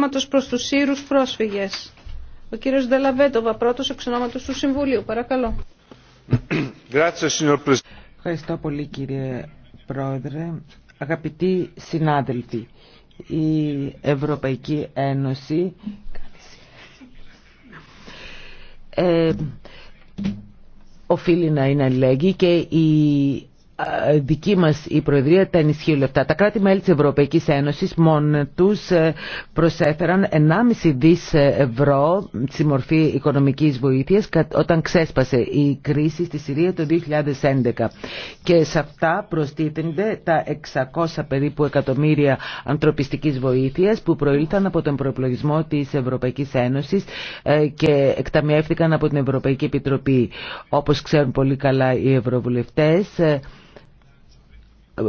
εξονόματος προς τους Σύρους πρόσφυγες. Ο κύριος Δελαβέτοβα, πρώτος εξονόματος του Συμβουλίου. Παρακαλώ. Ευχαριστώ πολύ κύριε Πρόεδρε. Αγαπητοί συνάδελφοι, η Ευρωπαϊκή Ένωση ε, οφείλει να είναι λέγει και η ε, δική μας η Προεδρία τα ενισχύει όλα αυτά. Τα κράτη-μέλη της Ευρωπαϊκής Ένωσης μόνο τους ε, προσέφεραν 1,5 δις ευρώ στη μορφή οικονομικής βοήθειας όταν ξέσπασε η κρίση στη Συρία το 2011. Και σε αυτά προστίθενται τα 600 περίπου εκατομμύρια ανθρωπιστικής βοήθειας που προήλθαν από τον προεπλογισμό της Ευρωπαϊκής Ένωσης ε, και εκταμιεύτηκαν από την Ευρωπαϊκή Επιτροπή. Όπως ξέρουν πολύ καλά οι ευρωβουλευτές,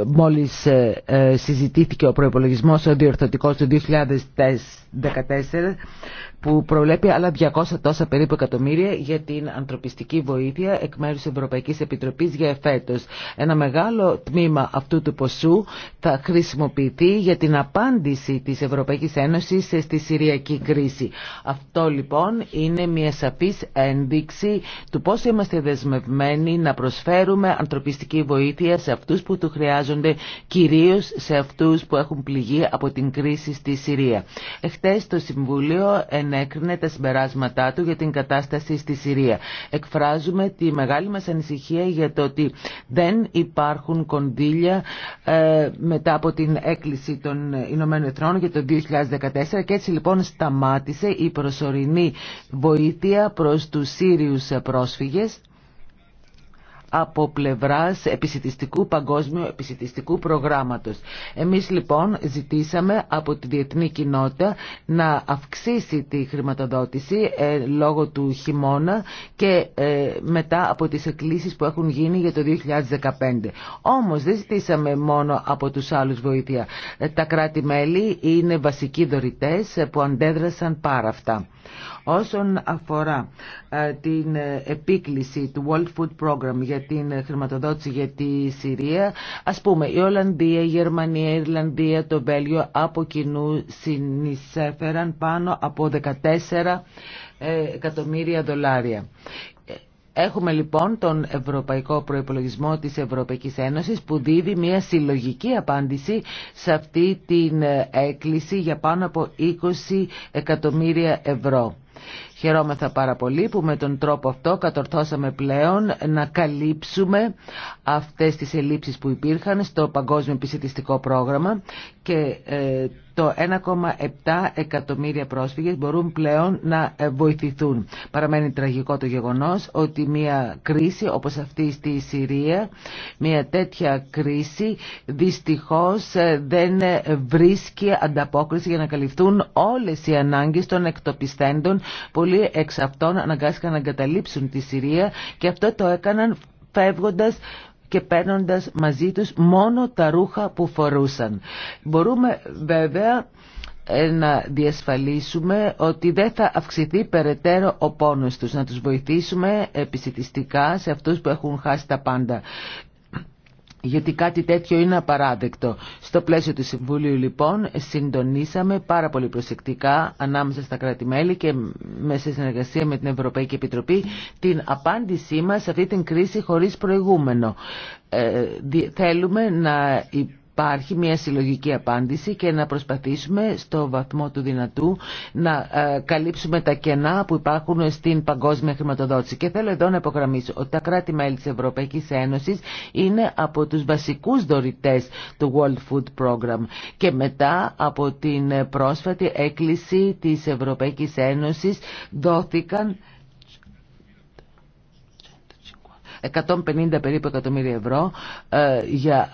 μόλις ε, ε, συζητήθηκε ο προϋπολογισμός ο διορθωτικός του 2014 που προβλέπει άλλα 200 τόσα περίπου εκατομμύρια για την ανθρωπιστική βοήθεια εκ μέρους Ευρωπαϊκής Επιτροπής για εφέτος. Ένα μεγάλο τμήμα αυτού του ποσού θα χρησιμοποιηθεί για την απάντηση της Ευρωπαϊκής Ένωσης στη Συριακή κρίση. Αυτό λοιπόν είναι μια σαφής ένδειξη του πόσο είμαστε δεσμευμένοι να προσφέρουμε ανθρωπιστική βοήθεια σε αυτούς που του χρειάζονται, κυρίως σε αυτούς που έχουν πληγεί από την κρίση στη Συρία. Εχθές το Συμβούλιο ανέκρινε τα συμπεράσματά του για την κατάσταση στη Συρία. Εκφράζουμε τη μεγάλη μας ανησυχία για το ότι δεν υπάρχουν κονδύλια ε, μετά από την έκκληση των Ηνωμένων Εθνών για το 2014 και έτσι λοιπόν σταμάτησε η προσωρινή βοήθεια προς τους Σύριους πρόσφυγες από πλευράς επισητιστικού παγκόσμιου επισητιστικού προγράμματος. Εμείς λοιπόν ζητήσαμε από τη διεθνή κοινότητα να αυξήσει τη χρηματοδότηση ε, λόγω του χειμώνα και ε, μετά από τις εκκλήσεις που έχουν γίνει για το 2015. Όμως δεν ζητήσαμε μόνο από τους άλλους βοήθεια. Ε, τα κράτη-μέλη είναι βασικοί δωρητές που αντέδρασαν πάρα αυτά. Όσον αφορά ε, την ε, επίκληση του World Food Program για την ε, χρηματοδότηση για τη Συρία, ας πούμε η Ολλανδία, η Γερμανία, η Ιρλανδία, το Βέλγιο από κοινού συνεισέφεραν πάνω από 14 εκατομμύρια δολάρια. Έχουμε λοιπόν τον Ευρωπαϊκό Προϋπολογισμό της Ευρωπαϊκής Ένωσης που δίδει μια συλλογική απάντηση σε αυτή την έκκληση για πάνω από 20 εκατομμύρια ευρώ. Χαιρόμεθα πάρα πολύ που με τον τρόπο αυτό κατορθώσαμε πλέον να καλύψουμε αυτές τις ελλείψεις που υπήρχαν στο Παγκόσμιο Επισητιστικό Πρόγραμμα και ε, το 1,7 εκατομμύρια πρόσφυγες μπορούν πλέον να ε, βοηθηθούν. Παραμένει τραγικό το γεγονός ότι μια κρίση όπως αυτή στη Συρία, μια τέτοια κρίση δυστυχώς ε, δεν ε, βρίσκει ανταπόκριση για να καλυφθούν όλες οι ανάγκες των εκτοπιστέντων. Πολλοί εξ αυτών αναγκάστηκαν να εγκαταλείψουν τη Συρία και αυτό το έκαναν φεύγοντας και παίρνοντας μαζί τους μόνο τα ρούχα που φορούσαν. Μπορούμε βέβαια ε, να διασφαλίσουμε ότι δεν θα αυξηθεί περαιτέρω ο πόνος τους, να τους βοηθήσουμε επισητιστικά σε αυτούς που έχουν χάσει τα πάντα γιατί κάτι τέτοιο είναι απαράδεκτο. Στο πλαίσιο του Συμβουλίου λοιπόν συντονίσαμε πάρα πολύ προσεκτικά ανάμεσα στα κράτη-μέλη και μέσα σε συνεργασία με την Ευρωπαϊκή Επιτροπή την απάντησή μας σε αυτή την κρίση χωρίς προηγούμενο. Ε, θέλουμε να υπάρχει μια συλλογική απάντηση και να προσπαθήσουμε στο βαθμό του δυνατού να ε, καλύψουμε τα κενά που υπάρχουν στην παγκόσμια χρηματοδότηση. Και θέλω εδώ να υπογραμμίσω ότι τα κράτη-μέλη της Ευρωπαϊκής Ένωσης είναι από τους βασικούς δωρητές του World Food Program και μετά από την πρόσφατη έκκληση της Ευρωπαϊκής Ένωσης δόθηκαν 150 περίπου εκατομμύρια ευρώ ε, για,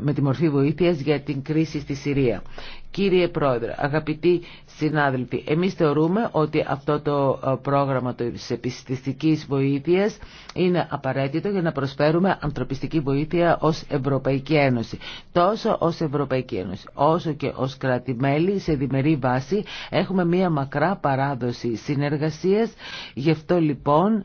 με τη μορφή βοήθειας για την κρίση στη Συρία. Κύριε Πρόεδρε, αγαπητοί συνάδελφοι, εμείς θεωρούμε ότι αυτό το ε, πρόγραμμα της επιστηστικής βοήθειας είναι απαραίτητο για να προσφέρουμε ανθρωπιστική βοήθεια ως Ευρωπαϊκή Ένωση. Τόσο ως Ευρωπαϊκή Ένωση, όσο και ως κρατη σε διμερή βάση έχουμε μία μακρά παράδοση συνεργασίας. Γι' αυτό λοιπόν...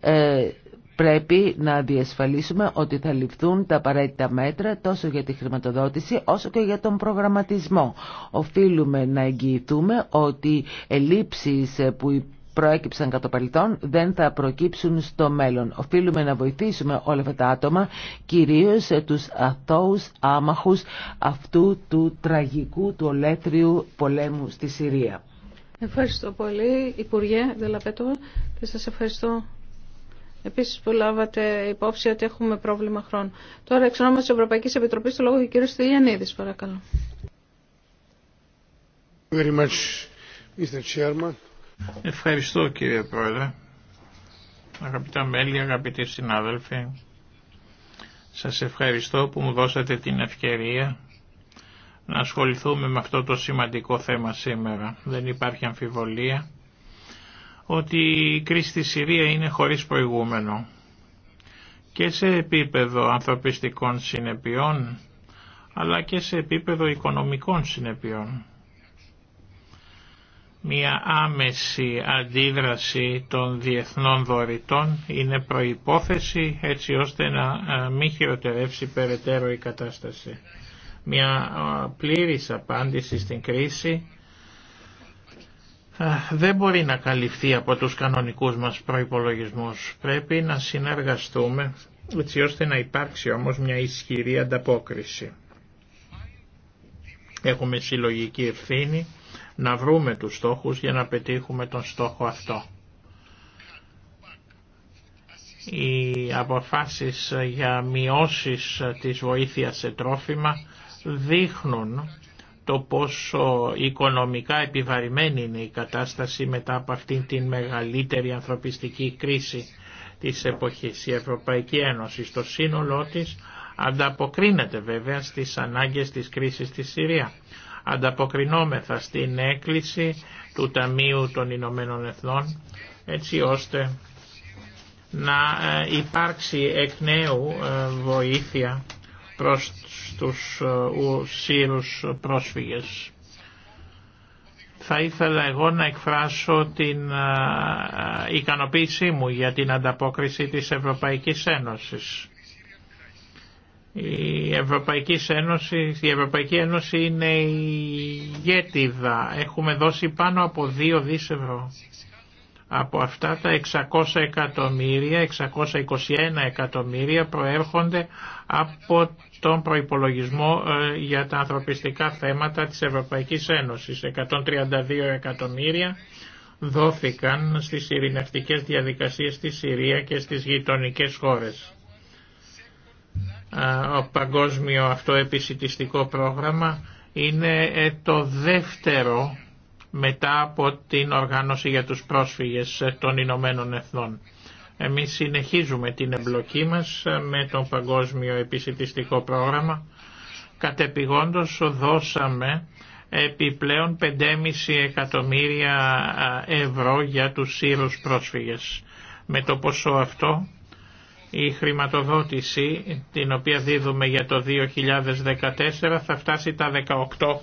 Ε, πρέπει να διασφαλίσουμε ότι θα ληφθούν τα απαραίτητα μέτρα τόσο για τη χρηματοδότηση όσο και για τον προγραμματισμό. Οφείλουμε να εγγυηθούμε ότι ελλείψεις που προέκυψαν κατά παρελθόν δεν θα προκύψουν στο μέλλον. Οφείλουμε να βοηθήσουμε όλα αυτά τα άτομα, κυρίως τους αθώους άμαχους αυτού του τραγικού, του ολέθριου πολέμου στη Συρία. Ευχαριστώ πολύ, Υπουργέ Δελαπέτο, και σας ευχαριστώ Επίση, που λάβατε υπόψη ότι έχουμε πρόβλημα χρόνου. Τώρα εξ τη Ευρωπαϊκή Επιτροπή, το λόγο του κ. Στυλιανίδη, παρακαλώ. Very much, Chairman. Ευχαριστώ κύριε Πρόεδρε. Αγαπητά μέλη, αγαπητοί συνάδελφοι. Σας ευχαριστώ που μου δώσατε την ευκαιρία να ασχοληθούμε με αυτό το σημαντικό θέμα σήμερα. Δεν υπάρχει αμφιβολία ότι η κρίση στη Συρία είναι χωρίς προηγούμενο και σε επίπεδο ανθρωπιστικών συνεπειών αλλά και σε επίπεδο οικονομικών συνεπειών. Μια άμεση αντίδραση των διεθνών δωρητών είναι προϋπόθεση έτσι ώστε να ε, μην χειροτερεύσει περαιτέρω η κατάσταση. Μια ε, πλήρης απάντηση στην κρίση δεν μπορεί να καλυφθεί από τους κανονικούς μας προϋπολογισμούς. Πρέπει να συνεργαστούμε έτσι ώστε να υπάρξει όμως μια ισχυρή ανταπόκριση. Έχουμε συλλογική ευθύνη να βρούμε τους στόχους για να πετύχουμε τον στόχο αυτό. Οι αποφάσεις για μειώσεις της βοήθειας σε τρόφιμα δείχνουν το πόσο οικονομικά επιβαρημένη είναι η κατάσταση μετά από αυτήν την μεγαλύτερη ανθρωπιστική κρίση της εποχής. Η Ευρωπαϊκή Ένωση στο σύνολό της ανταποκρίνεται βέβαια στις ανάγκες της κρίσης στη Συρία. Ανταποκρινόμεθα στην έκκληση του Ταμείου των Ηνωμένων Εθνών έτσι ώστε να ε, υπάρξει εκ νέου ε, βοήθεια προς τους ε, Σύρους πρόσφυγες. Θα ήθελα εγώ να εκφράσω την ε, ε, ικανοποίησή μου για την ανταπόκριση της Ευρωπαϊκής Ένωσης. Η Ευρωπαϊκή Ένωση, η Ευρωπαϊκή Ένωση είναι η γέτιδα. Έχουμε δώσει πάνω από 2 δις ευρώ από αυτά τα 600 εκατομμύρια, 621 εκατομμύρια προέρχονται από τον προϋπολογισμό ε, για τα ανθρωπιστικά θέματα της Ευρωπαϊκής Ένωσης. 132 εκατομμύρια δόθηκαν στις ειρηνευτικές διαδικασίες στη Συρία και στις γειτονικές χώρες. Ο παγκόσμιο αυτό επισητιστικό πρόγραμμα είναι ε, το δεύτερο μετά από την Οργάνωση για τους Πρόσφυγες των Ηνωμένων Εθνών. Εμείς συνεχίζουμε την εμπλοκή μας με τον Παγκόσμιο Επισητιστικό Πρόγραμμα. Κατεπηγόντως δώσαμε επιπλέον 5,5 εκατομμύρια ευρώ για τους Σύρους πρόσφυγες. Με το ποσό αυτό η χρηματοδότηση την οποία δίδουμε για το 2014 θα φτάσει τα 18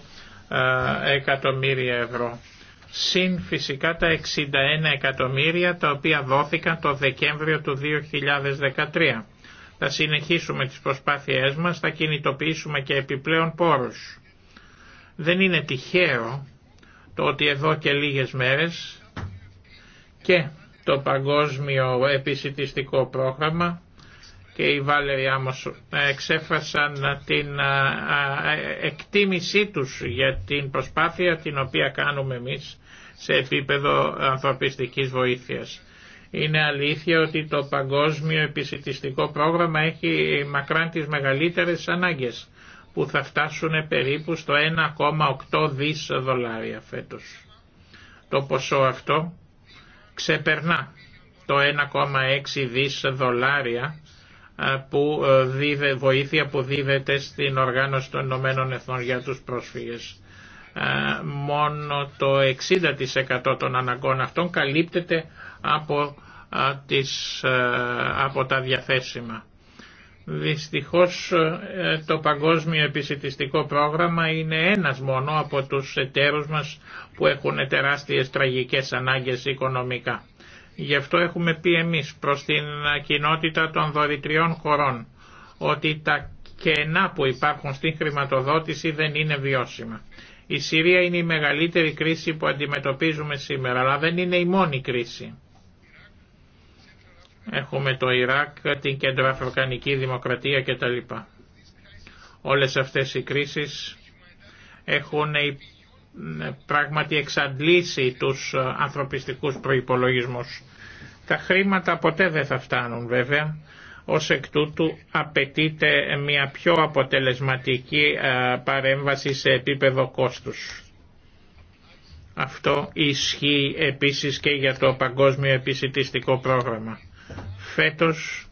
εκατομμύρια ευρώ. Συν φυσικά τα 61 εκατομμύρια τα οποία δόθηκαν το Δεκέμβριο του 2013. Θα συνεχίσουμε τις προσπάθειές μας, θα κινητοποιήσουμε και επιπλέον πόρους. Δεν είναι τυχαίο το ότι εδώ και λίγες μέρες και το Παγκόσμιο Επισητιστικό Πρόγραμμα και η Βάλερη Άμος ε, εξέφρασαν ε, την ε, εκτίμησή τους για την προσπάθεια την οποία κάνουμε εμείς σε επίπεδο ανθρωπιστικής βοήθειας. Είναι αλήθεια ότι το παγκόσμιο επισητιστικό πρόγραμμα έχει μακράν τις μεγαλύτερες ανάγκες που θα φτάσουν περίπου στο 1,8 δις δολάρια φέτος. Το ποσό αυτό ξεπερνά το 1,6 δις δολάρια που ε, δίδε, βοήθεια που δίδεται στην οργάνωση των Ηνωμένων Εθνών για τους πρόσφυγες. Μόνο το 60% των αναγκών αυτών καλύπτεται από, τις, από τα διαθέσιμα. Δυστυχώς ε, το Παγκόσμιο Επισητιστικό Πρόγραμμα είναι ένας μόνο από τους εταίρους μας που έχουν τεράστιες τραγικές ανάγκες οικονομικά. Γι' αυτό έχουμε πει εμείς προς την κοινότητα των δωρητριών χωρών ότι τα κενά που υπάρχουν στην χρηματοδότηση δεν είναι βιώσιμα. Η Συρία είναι η μεγαλύτερη κρίση που αντιμετωπίζουμε σήμερα, αλλά δεν είναι η μόνη κρίση. Έχουμε το Ιράκ, την κεντροαφροκανική Δημοκρατία κτλ. Όλες αυτές οι κρίσεις έχουν ναι, πράγματι εξαντλήσει τους ε, ανθρωπιστικούς προϋπολογισμούς. Τα χρήματα ποτέ δεν θα φτάνουν βέβαια, ως εκ τούτου απαιτείται μια πιο αποτελεσματική ε, παρέμβαση σε επίπεδο κόστους. Αυτό ισχύει επίσης και για το Παγκόσμιο Επισητιστικό Πρόγραμμα. Φέτος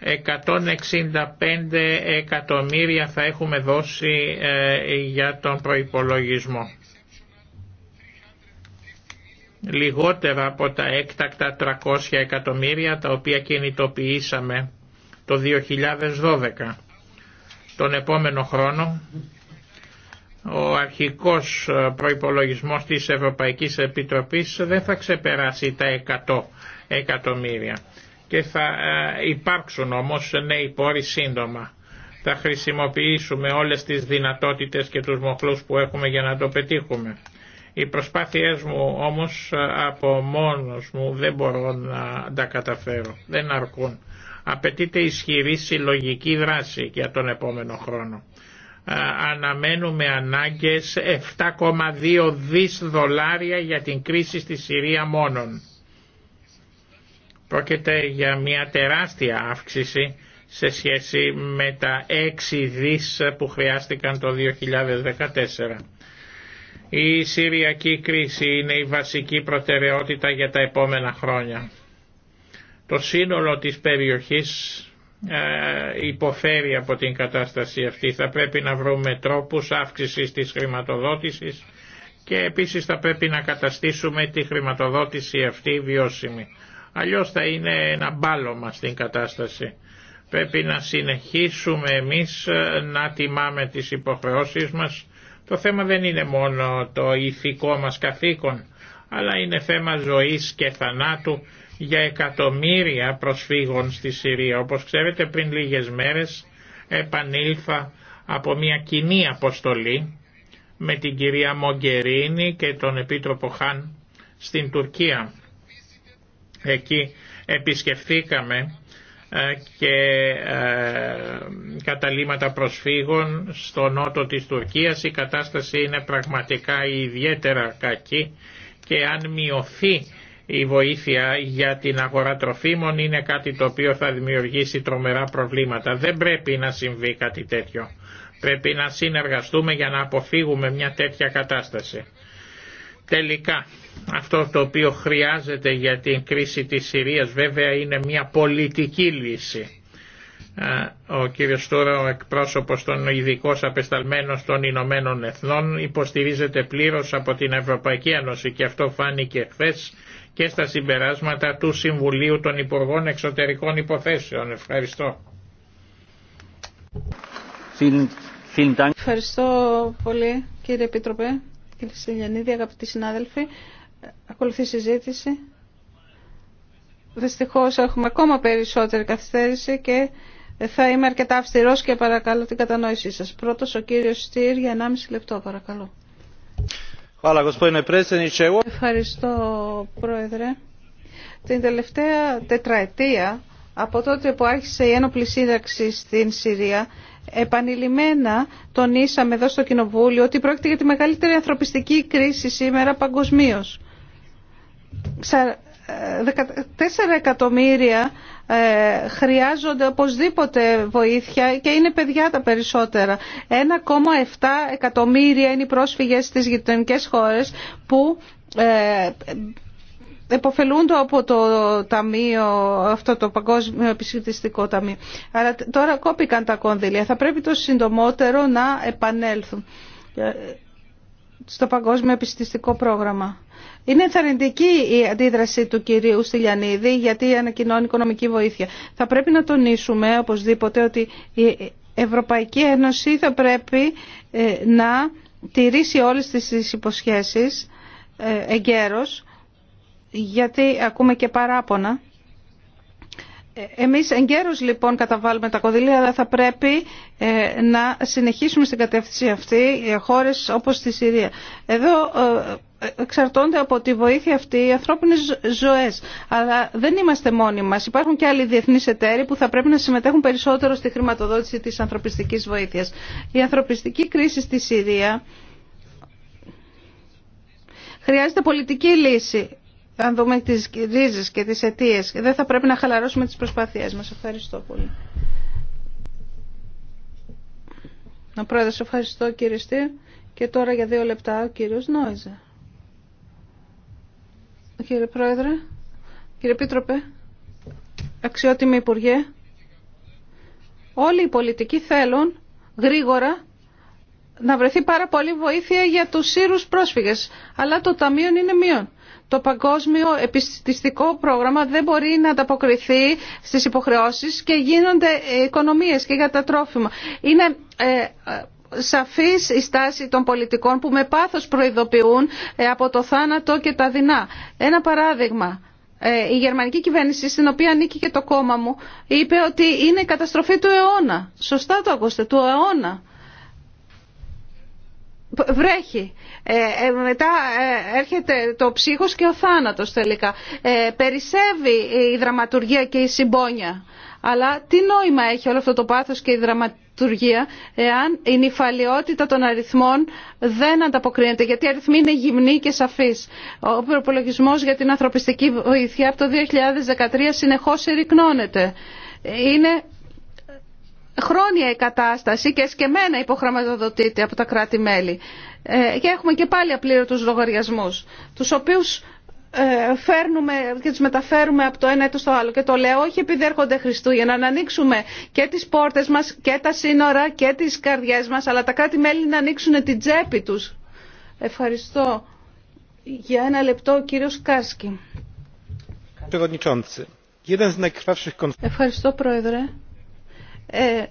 165 εκατομμύρια θα έχουμε δώσει ε, για τον προϋπολογισμό. Λιγότερα από τα έκτακτα 300 εκατομμύρια τα οποία κινητοποιήσαμε το 2012. Τον επόμενο χρόνο ο αρχικός ε, προϋπολογισμός της Ευρωπαϊκής Επιτροπής δεν θα ξεπεράσει τα 100 εκατομμύρια και θα ε, υπάρξουν όμως νέοι πόροι σύντομα. Θα χρησιμοποιήσουμε όλες τις δυνατότητες και τους μοχλούς που έχουμε για να το πετύχουμε. Οι προσπάθειές μου όμως ε, από μόνος μου δεν μπορώ να τα καταφέρω, δεν αρκούν. Απαιτείται ισχυρή συλλογική δράση για τον επόμενο χρόνο. Ε, αναμένουμε ανάγκες 7,2 δις δολάρια για την κρίση στη Συρία μόνον. Πρόκειται για μια τεράστια αύξηση σε σχέση με τα 6 δις που χρειάστηκαν το 2014. Η Συριακή κρίση είναι η βασική προτεραιότητα για τα επόμενα χρόνια. Το σύνολο της περιοχής ε, υποφέρει από την κατάσταση αυτή. Θα πρέπει να βρούμε τρόπους αύξησης της χρηματοδότησης και επίσης θα πρέπει να καταστήσουμε τη χρηματοδότηση αυτή βιώσιμη. Αλλιώς θα είναι ένα μπάλωμα στην κατάσταση. Πρέπει να συνεχίσουμε εμείς ε, να τιμάμε τις υποχρεώσεις μας. Το θέμα δεν είναι μόνο το ηθικό μας καθήκον, αλλά είναι θέμα ζωής και θανάτου για εκατομμύρια προσφύγων στη Συρία. Όπως ξέρετε πριν λίγες μέρες επανήλθα από μια κοινή αποστολή με την κυρία Μογκερίνη και τον Επίτροπο Χάν στην Τουρκία. Εκεί επισκεφθήκαμε ε, και ε, καταλήματα προσφύγων στο νότο της Τουρκίας. Η κατάσταση είναι πραγματικά ιδιαίτερα κακή και αν μειωθεί η βοήθεια για την αγορά τροφίμων είναι κάτι το οποίο θα δημιουργήσει τρομερά προβλήματα. Δεν πρέπει να συμβεί κάτι τέτοιο. Πρέπει να συνεργαστούμε για να αποφύγουμε μια τέτοια κατάσταση. Τελικά, αυτό το οποίο χρειάζεται για την κρίση της Συρίας βέβαια είναι μια πολιτική λύση. Ο κύριος Στούρα ο εκπρόσωπος των ειδικό απεσταλμένων των Ηνωμένων Εθνών, υποστηρίζεται πλήρως από την Ευρωπαϊκή Ένωση και αυτό φάνηκε χθε και στα συμπεράσματα του Συμβουλίου των Υπουργών Εξωτερικών Υποθέσεων. Ευχαριστώ. Ευχαριστώ πολύ κύριε Επίτροπε, κύριε Σιλιανίδη, αγαπητοί συνάδελφοι ακολουθεί συζήτηση. Δυστυχώ έχουμε ακόμα περισσότερη καθυστέρηση και θα είμαι αρκετά αυστηρό και παρακαλώ την κατανόησή σα. Πρώτο ο κύριο Στυρ για 1,5 λεπτό παρακαλώ. Ευχαριστώ Πρόεδρε. Την τελευταία τετραετία από τότε που άρχισε η ένοπλη σύνταξη στην Συρία επανειλημμένα τονίσαμε εδώ στο Κοινοβούλιο ότι πρόκειται για τη μεγαλύτερη ανθρωπιστική κρίση σήμερα παγκοσμίω. 14 ε, εκατομμύρια ε, χρειάζονται οπωσδήποτε βοήθεια και είναι παιδιά τα περισσότερα. 1,7 εκατομμύρια είναι οι πρόσφυγες στις γειτονικές χώρες που ε, εποφελούνται από το ταμείο, αυτό το παγκόσμιο επισκεπτιστικό ταμείο. Αλλά τώρα κόπηκαν τα κονδύλια. Θα πρέπει το συντομότερο να επανέλθουν στο Παγκόσμιο Επιστηστικό Πρόγραμμα. Είναι ενθαρρυντική η αντίδραση του κυρίου Στυλιανίδη γιατί ανακοινώνει οικονομική βοήθεια. Θα πρέπει να τονίσουμε οπωσδήποτε ότι η Ευρωπαϊκή Ένωση θα πρέπει ε, να τηρήσει όλες τις υποσχέσεις ε, εγκαίρως γιατί ακούμε και παράπονα ε, εμείς εγκαίρως λοιπόν καταβάλουμε τα κονδυλία, αλλά θα πρέπει ε, να συνεχίσουμε στην κατεύθυνση αυτή για χώρες όπως τη Συρία. Εδώ ε, εξαρτώνται από τη βοήθεια αυτή οι ανθρώπινες ζωές. Αλλά δεν είμαστε μόνοι μας. Υπάρχουν και άλλοι διεθνείς εταίροι που θα πρέπει να συμμετέχουν περισσότερο στη χρηματοδότηση της ανθρωπιστικής βοήθειας. Η ανθρωπιστική κρίση στη Συρία χρειάζεται πολιτική λύση αν δούμε τι ρίζες και τι αιτίε. Δεν θα πρέπει να χαλαρώσουμε τι προσπάθειές μα. Ευχαριστώ πολύ. Να πρόεδρε, ευχαριστώ κύριε Στυρ Και τώρα για δύο λεπτά ο κύριος Νόιζε. Κύριε Πρόεδρε, κύριε Πίτροπε, αξιότιμη Υπουργέ, όλοι οι πολιτικοί θέλουν γρήγορα να βρεθεί πάρα πολύ βοήθεια για τους σύρους πρόσφυγες, αλλά το Ταμείο είναι μείον το Παγκόσμιο Επιστηστικό Πρόγραμμα δεν μπορεί να ανταποκριθεί στις υποχρεώσεις και γίνονται οικονομίες και για τα τρόφιμα. Είναι ε, σαφής η στάση των πολιτικών που με πάθος προειδοποιούν ε, από το θάνατο και τα δεινά. Ένα παράδειγμα. Ε, η γερμανική κυβέρνηση, στην οποία ανήκει και το κόμμα μου, είπε ότι είναι η καταστροφή του αιώνα. Σωστά το ακούστε, του αιώνα. Βρέχει. Ε, ε, μετά ε, έρχεται το ψύχος και ο θάνατος τελικά. Ε, περισσεύει η δραματουργία και η συμπόνια. Αλλά τι νόημα έχει όλο αυτό το πάθος και η δραματουργία εάν η νυφαλιότητα των αριθμών δεν ανταποκρίνεται. Γιατί οι αριθμοί είναι γυμνοί και σαφείς. Ο προπολογισμό για την ανθρωπιστική βοήθεια από το 2013 συνεχώς ερικνώνεται χρόνια η κατάσταση και σκεμένα υποχρηματοδοτείται από τα κράτη-μέλη. Ε, και έχουμε και πάλι απλήρωτους λογαριασμούς, τους οποίους ε, φέρνουμε και τους μεταφέρουμε από το ένα έτος στο άλλο. Και το λέω όχι επειδή έρχονται Χριστούγεννα, να ανοίξουμε και τις πόρτες μας και τα σύνορα και τις καρδιές μας, αλλά τα κράτη-μέλη να ανοίξουν την τσέπη τους. Ευχαριστώ. Για ένα λεπτό ο κύριος Κάσκι. Ευχαριστώ Πρόεδρε. Ε,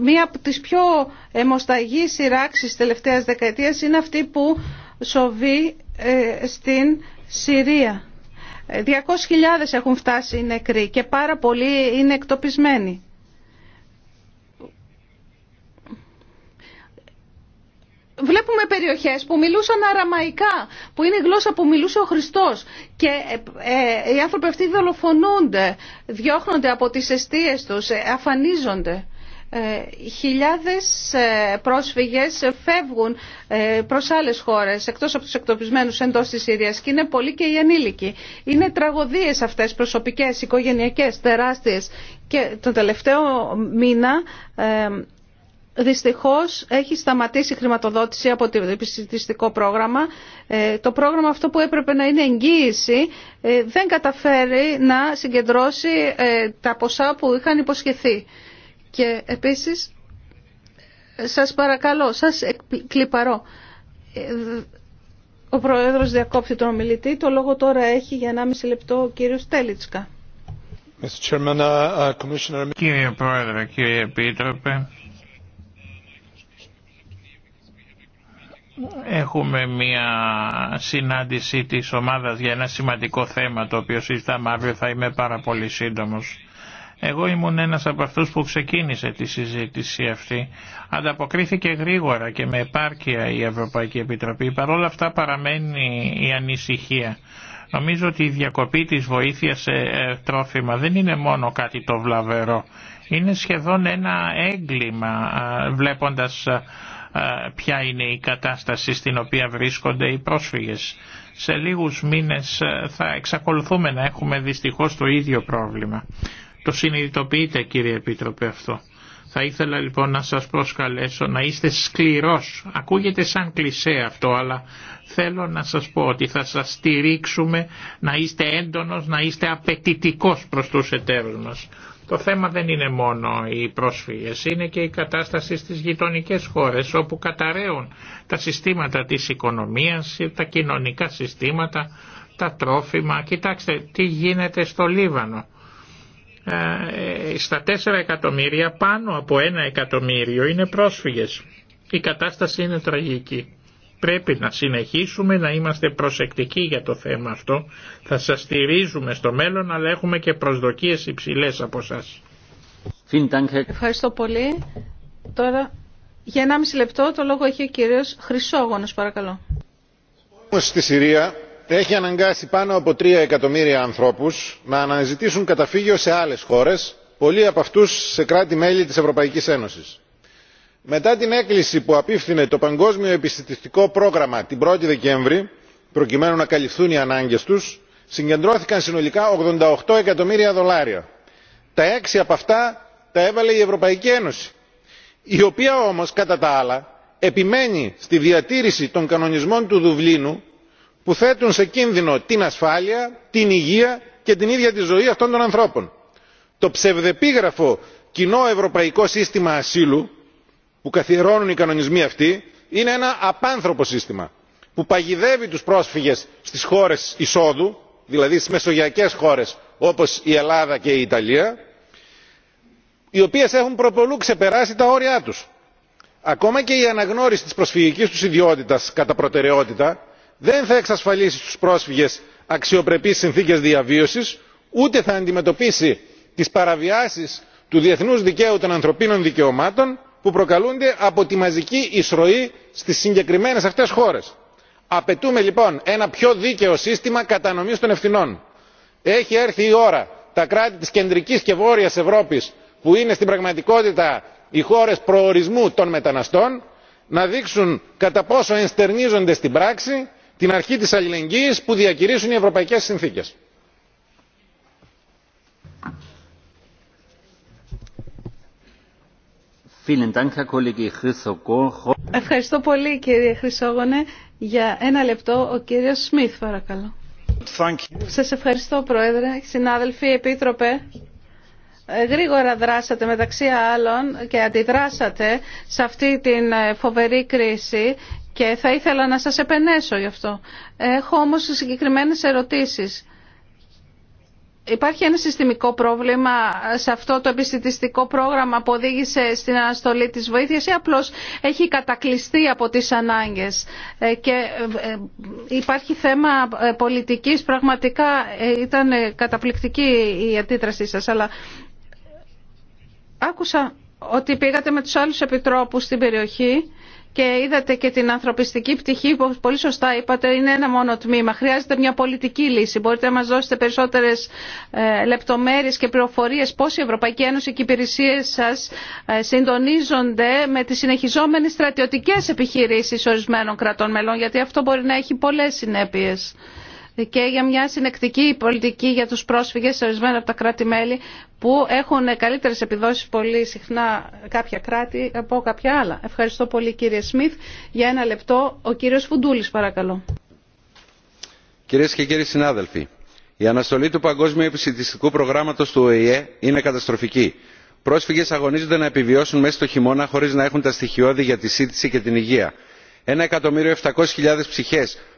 μία από τις πιο αιμοσταγείς σειράξεις τελευταίας δεκαετίας είναι αυτή που σοβεί ε, στην Συρία. 200.000 ε, έχουν φτάσει οι νεκροί και πάρα πολλοί είναι εκτοπισμένοι. Βλέπουμε περιοχές που μιλούσαν αραμαϊκά, που είναι η γλώσσα που μιλούσε ο Χριστός και ε, ε, οι άνθρωποι αυτοί δολοφονούνται, διώχνονται από τις αιστείες τους, ε, αφανίζονται. Χιλιάδες πρόσφυγες φεύγουν προς άλλες χώρες, εκτός από τους εκτοπισμένους εντός της Συρίας και είναι πολλοί και οι ανήλικοι. Είναι τραγωδίες αυτές προσωπικές, οικογενειακές, τεράστιες και τον τελευταίο μήνα Δυστυχώς έχει σταματήσει η χρηματοδότηση από το επιστημιστικό πρόγραμμα. Ε, το πρόγραμμα αυτό που έπρεπε να είναι εγγύηση ε, δεν καταφέρει να συγκεντρώσει ε, τα ποσά που είχαν υποσχεθεί. Και επίσης σας παρακαλώ, σας κλιπαρώ. Ο Πρόεδρος διακόπτει τον ομιλητή. Το λόγο τώρα έχει για 1,5 λεπτό ο κύριος Τέλιτσκα. Uh, uh, κύριε Πρόεδρε, κύριε Επίτροπε, Έχουμε μια συνάντηση της ομάδας για ένα σημαντικό θέμα το οποίο συζητάμε αύριο θα είμαι πάρα πολύ σύντομος. Εγώ ήμουν ένας από αυτούς που ξεκίνησε τη συζήτηση αυτή. Ανταποκρίθηκε γρήγορα και με επάρκεια η Ευρωπαϊκή Επιτροπή. Παρ' όλα αυτά παραμένει η ανησυχία. Νομίζω ότι η διακοπή της βοήθειας σε ε, τρόφιμα δεν είναι μόνο κάτι το βλαβερό. Είναι σχεδόν ένα έγκλημα ε, βλέποντας ε, ε, ποια είναι η κατάσταση στην οποία βρίσκονται οι πρόσφυγες. Σε λίγους μήνες ε, θα εξακολουθούμε να έχουμε δυστυχώς το ίδιο πρόβλημα. Το συνειδητοποιείτε κύριε Επίτροπε αυτό. Θα ήθελα λοιπόν να σας προσκαλέσω να είστε σκληρός. Ακούγεται σαν κλισέ αυτό, αλλά θέλω να σας πω ότι θα σας στηρίξουμε να είστε έντονος, να είστε απαιτητικός προς τους εταίρους μας. Το θέμα δεν είναι μόνο οι πρόσφυγες, είναι και η κατάσταση στις γειτονικές χώρες όπου καταραίουν τα συστήματα της οικονομίας, τα κοινωνικά συστήματα, τα τρόφιμα. Κοιτάξτε τι γίνεται στο Λίβανο. Ε, στα 4 εκατομμύρια πάνω από 1 εκατομμύριο είναι πρόσφυγες. Η κατάσταση είναι τραγική πρέπει να συνεχίσουμε να είμαστε προσεκτικοί για το θέμα αυτό. Θα σας στηρίζουμε στο μέλλον, αλλά έχουμε και προσδοκίες υψηλές από σας. Ευχαριστώ πολύ. Τώρα, για 1,5 λεπτό το λόγο έχει ο κύριος Χρυσόγονος, παρακαλώ. Στη Συρία έχει αναγκάσει πάνω από 3 εκατομμύρια ανθρώπους να αναζητήσουν καταφύγιο σε άλλες χώρες, πολλοί από αυτούς σε κράτη-μέλη της Ευρωπαϊκής Ένωσης μετά την έκκληση που απίφθινε το παγκόσμιο επιστημιστικό πρόγραμμα την 1η δεκέμβρη προκειμένου να καλυφθούν οι ανάγκες τους συγκεντρώθηκαν συνολικά 88 εκατομμύρια δολάρια. τα έξι από αυτά τα έβαλε η ευρωπαϊκή ένωση η οποία όμως κατά τα άλλα επιμένει στη διατήρηση των κανονισμών του δουβλίνου που θέτουν σε κίνδυνο την ασφάλεια την υγεία και την ίδια τη ζωή αυτών των ανθρώπων. το ψευδεπίγραφο κοινό ευρωπαϊκό σύστημα ασύλου που καθιερώνουν οι κανονισμοί αυτοί είναι ένα απάνθρωπο σύστημα που παγιδεύει τους πρόσφυγες στις χώρες εισόδου δηλαδή στις μεσογειακές χώρες όπως η ελλάδα και η ιταλία οι οποίες έχουν προπολού ξεπεράσει τα όρια τους. ακόμα και η αναγνώριση της προσφυγικής τους ιδιότητας κατά προτεραιότητα δεν θα εξασφαλίσει στους πρόσφυγες αξιοπρεπείς συνθήκες διαβίωσης ούτε θα αντιμετωπίσει τις παραβιάσεις του διεθνούς δικαίου των ανθρωπίνων δικαιωμάτων που προκαλούνται από τη μαζική εισρωή στις συγκεκριμένες αυτές χώρες. απαιτούμε λοιπόν ένα πιο δίκαιο σύστημα κατανομής των ευθυνών. έχει έρθει η ώρα τα κράτη της κεντρικής και βόρειας ευρώπης που είναι στην πραγματικότητα οι χώρες προορισμού των μεταναστών να δείξουν κατά πόσο ενστερνίζονται στην πράξη την αρχή της αλληλεγγύης που διακηρύσσουν οι ευρωπαϊκές συνθήκες. Ευχαριστώ πολύ κύριε Χρυσόγονε. Για ένα λεπτό ο κύριος Σμιθ παρακαλώ. Σας ευχαριστώ Πρόεδρε, συνάδελφοι, επίτροπε. Ε, γρήγορα δράσατε μεταξύ άλλων και αντιδράσατε σε αυτή την ε, φοβερή κρίση και θα ήθελα να σας επενέσω γι' αυτό. Έχω όμως συγκεκριμένες ερωτήσεις. Υπάρχει ένα συστημικό πρόβλημα σε αυτό το επιστημιστικό πρόγραμμα που οδήγησε στην αναστολή της βοήθειας ή απλώς έχει κατακλειστεί από τις ανάγκες ε, και ε, υπάρχει θέμα ε, πολιτικής. Πραγματικά ήταν καταπληκτική η αντίδρασή σας, αλλά άκουσα ότι πήγατε με τους άλλους επιτρόπους στην περιοχή και είδατε και την ανθρωπιστική πτυχή που πολύ σωστά είπατε είναι ένα μόνο τμήμα. Χρειάζεται μια πολιτική λύση. Μπορείτε να μας δώσετε περισσότερες ε, λεπτομέρειες και πληροφορίες πώς η Ευρωπαϊκή Ένωση και οι υπηρεσίες σας ε, συντονίζονται με τις συνεχιζόμενες στρατιωτικές επιχειρήσεις ορισμένων κρατών μελών γιατί αυτό μπορεί να έχει πολλές συνέπειες και για μια συνεκτική πολιτική για τους πρόσφυγες σε ορισμένα από τα κράτη-μέλη που έχουν καλύτερες επιδόσεις πολύ συχνά κάποια κράτη από κάποια άλλα. Ευχαριστώ πολύ κύριε Σμιθ. Για ένα λεπτό ο κύριος Φουντούλης παρακαλώ. Κυρίε και κύριοι συνάδελφοι, η αναστολή του Παγκόσμιου Επιστημιστικού προγράμματο του ΟΗΕ είναι καταστροφική. Πρόσφυγε αγωνίζονται να επιβιώσουν μέσα στο χειμώνα χωρί να έχουν τα στοιχειώδη για τη σύντηση και την υγεία. Ένα εκατομμύριο 700.000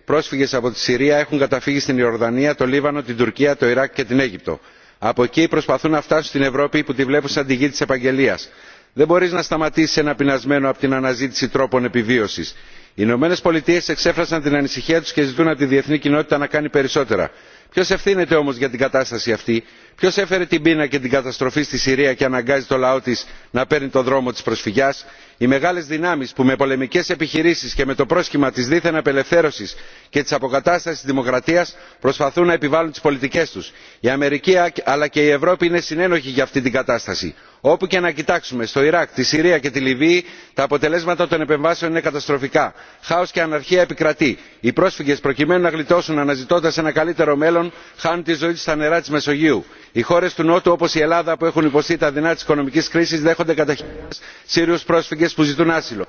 πρόσφυγες από τη συρία έχουν καταφύγει στην ιορδανία το λίβανο την τουρκία το ιράκ και την αίγυπτο. από εκεί προσπαθούν να φτάσουν στην ευρώπη που τη βλέπουν σαν τη γη της επαγγελίας. δεν μπορείς να σταματήσεις ένα πεινασμένο από την αναζήτηση τρόπων επιβίωσης. οι ηνωμένες πολιτείες εξέφρασαν την ανησυχία τους και ζητούν από τη διεθνή κοινότητα να κάνει περισσότερα ποιο ευθύνεται όμω για την κατάσταση αυτή ποιο έφερε την πείνα και την καταστροφή στη συρία και αναγκάζει το λαό τη να παίρνει τον δρόμο τη προσφυγιά; οι μεγάλε δυνάμει που με πολεμικέ επιχειρήσει και με το πρόσχημα τη δίθεν απελευθέρωση και τη αποκατάσταση τη δημοκρατία προσπαθούν να επιβάλλουν τι πολιτικέ του. η αμερική αλλά και η ευρώπη είναι συνένοχοι για αυτή την κατάσταση όπου και να κοιτάξουμε στο ιράκ τη συρία και τη λιβύη τα αποτελέσματα των επεμβάσεων είναι καταστροφικά χάος και αναρχία επικρατεί. οι πρόσφυγες προκειμένου να γλιτώσουν αναζητώντας ένα καλύτερο μέλλον χάνουν τη ζωή τους στα νερά της μεσογείου. οι χώρες του νότου όπως η ελλάδα που έχουν υποστεί τα δεινά της οικονομικής κρίσης δέχονται κατά χιλιάδες σύριους πρόσφυγες που ζητούν άσυλο.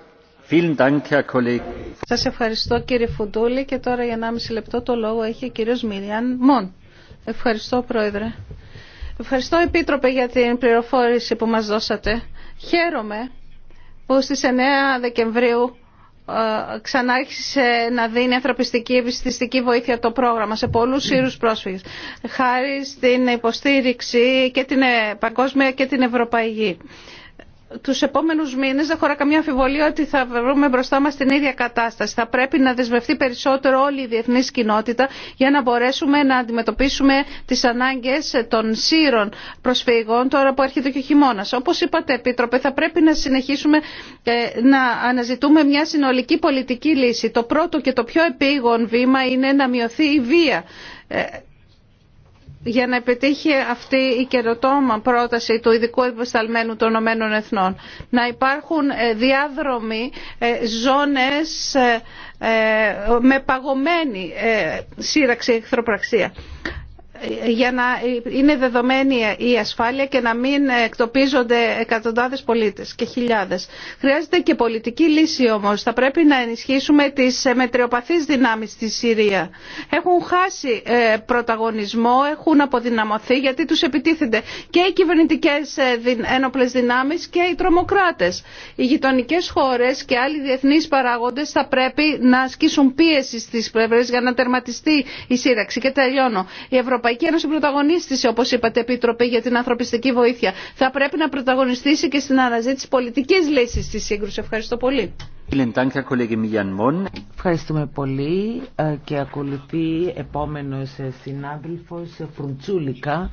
Σα ευχαριστώ κύριε Φουντούλη και τώρα για 1,5 λεπτό το λόγο έχει ο κύριος Μίριαν Μον. Ευχαριστώ πρόεδρε. Ευχαριστώ, Επίτροπε, για την πληροφόρηση που μας δώσατε. Χαίρομαι που στις 9 Δεκεμβρίου ε, ξανάρχισε να δίνει ανθρωπιστική επιστηστική βοήθεια το πρόγραμμα σε πολλούς ήρους πρόσφυγες χάρη στην υποστήριξη και την ε, παγκόσμια και την ευρωπαϊκή τους επόμενους μήνες δεν χωρά καμία αμφιβολία ότι θα βρούμε μπροστά μας την ίδια κατάσταση. Θα πρέπει να δεσμευτεί περισσότερο όλη η διεθνή κοινότητα για να μπορέσουμε να αντιμετωπίσουμε τις ανάγκες των σύρων προσφύγων τώρα που έρχεται και ο χειμώνας. Όπως είπατε Επίτροπε θα πρέπει να συνεχίσουμε ε, να αναζητούμε μια συνολική πολιτική λύση. Το πρώτο και το πιο επίγον βήμα είναι να μειωθεί η βία ε, για να επιτύχει αυτή η καινοτόμα πρόταση του ειδικού εμπεσταλμένου των Ηνωμένων Εθνών. Να υπάρχουν ε, διάδρομοι, ε, ζώνες ε, με παγωμένη σύραξη εχθροπραξία για να είναι δεδομένη η ασφάλεια και να μην εκτοπίζονται εκατοντάδες πολίτες και χιλιάδες. Χρειάζεται και πολιτική λύση όμως. Θα πρέπει να ενισχύσουμε τις μετριοπαθείς δυνάμεις στη Συρία. Έχουν χάσει ε, πρωταγωνισμό, έχουν αποδυναμωθεί γιατί τους επιτίθενται και οι κυβερνητικές ε, ένοπλες δυνάμεις και οι τρομοκράτες. Οι γειτονικέ χώρες και άλλοι διεθνείς παράγοντες θα πρέπει να ασκήσουν πίεση στις πλευρές για να τερματιστεί η σύραξη. Και τελειώνω. Η Ευρωπαϊκή Ένωση πρωταγωνίστησε, όπω είπατε, Επίτροπε, για την ανθρωπιστική βοήθεια. Θα πρέπει να πρωταγωνιστήσει και στην αναζήτηση πολιτική λύση τη σύγκρουση. Ευχαριστώ πολύ. Ευχαριστούμε πολύ ε, και ακολουθεί επόμενος ε, συνάδελφος ε, Φρουντσούλικα.